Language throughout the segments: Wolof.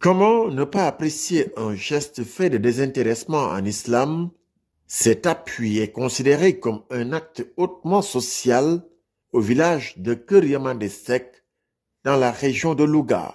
Comment ne pas apprécier un geste fait de désintéressement en islam Cet appui est considéré comme un acte hautement social au village de Kuryaman des dans la région de Louga.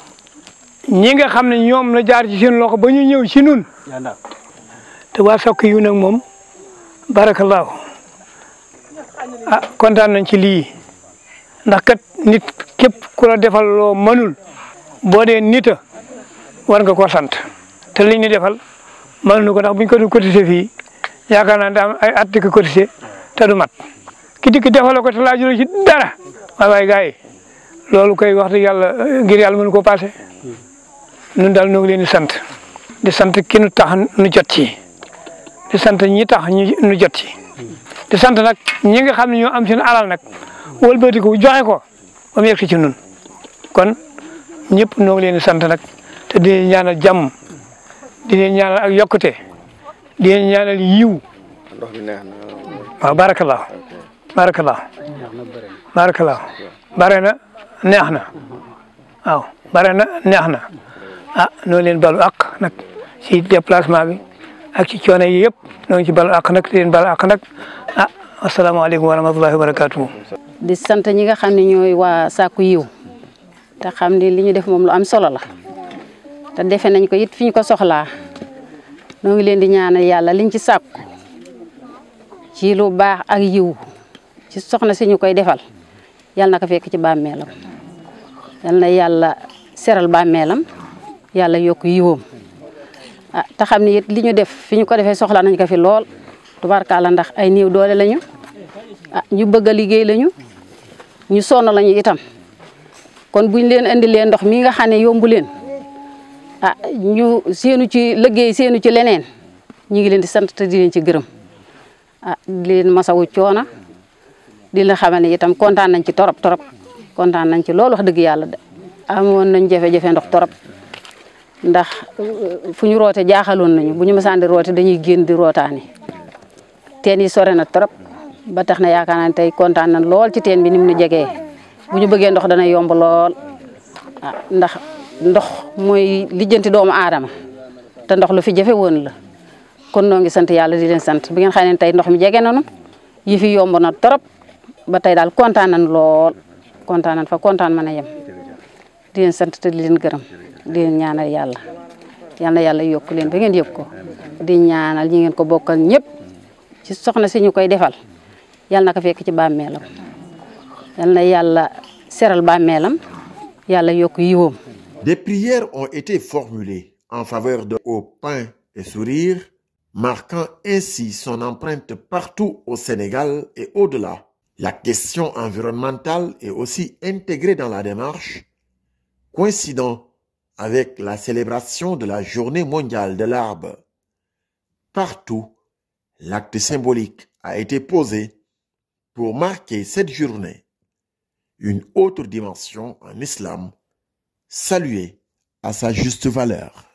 ñi nga xam ne ñoom la jaar ci seen loxo ba ñu ñëw ci nun te waa Sokke yu nag moom barakallaahu ah kontaan nañ ci lii ndax kat nit képp ku la defal loo mënul boo dee nita war nga ko sant te liñ ñu defal mënul na ko ndax buñ ko doon cotisé fii yaakaar naa daa am ay at di ko cotisé te du mat ki defal defaloo ko te laajuloo ci dara waaye waaye gars loolu koy wax dëgg yàlla ngir yàlla mënu ko passé ñun daal ñoo ngi leen di sant di sant ki nu tax nu jot ci di sant ñi tax ñu nu jot ci di sant nag ñi nga xam ne ñoo am seen alal nag wëlbati ko joxe ko ba mu yegg ci ñun kon ñëpp ñoo ngi leen di sant nag te di leen ñaanal jàmm di leen ñaanal ak yokkute di leen ñaanal yiw waaw barakallah barakallah barakallah bare na neex na waaw bare na neex na ah noo leen balu ak nak ci déplacement bi ak ci coono yi yëpp noo ngi ci balu ak nag di balu ak nag ah asalaamaaleykum wa rahmatullahi wa barakatuhu di sant ñi nga xam ne ñooy waa sàkku yiw te xam ne li ñu def moom lu am solo la te defe nañ ko it fi ko ngi di ñaanal yàlla liñ ci sàkku ci lu baax ak yiw ci soxna si ñu koy defal yàlla na ko fekk ci bàmmeelam yàlla na seral yàlla yokk yiwoom ah te xam ni it li ñu def fi ñu ko defee soxla nañ ko fi lool tubaarkaala ndax ay néew doole lañu ah ñu bëgg a liggéey lañu ñu sonn lañu itam kon buñ leen indi leen ndox mi nga xam ne yombu leen ah ñu seenu ci liggéey seenu ci leneen ñu ngi leen di sant te di leen ci gërëm ah di leen masawu coona di la xama ne itam kontaan nañ ci torop torop kontaan nañ ci loolu wax dëgg yàlla de amoon nañ jafe-jafe ndox torop ndax uh, fu ñu roote jaaxaloon nañu bu ñu mësaan dañuy génn di rootaani teen yi sore na trop ba tax na yaakaar naa ne tey kontaan nañ lool ci teen bi ni mu nu jegee bu ñu bëggee ndox dana yomb lool ah, ndax ndox mooy lijjanti doomu aadama te ndox lu fi jafe woon la kon noo ngi sant yàlla di leen sant bi ngeen xam tey ndox mi jege nanu yi fi yomb na trop ba tey daal kontaan nañ lool kontaan nañ fa kontaan ma a yem di leen sant te di leen gërëm Des prières ont été formulées en faveur de Au Pain et Sourire, marquant ainsi son empreinte partout au Sénégal et au-delà. La question environnementale est aussi intégrée dans la démarche, coïncidant avec la célébration de la journée mondiale de l'arbre. Partout, l'acte symbolique a été posé pour marquer cette journée, une autre dimension en islam, saluée à sa juste valeur.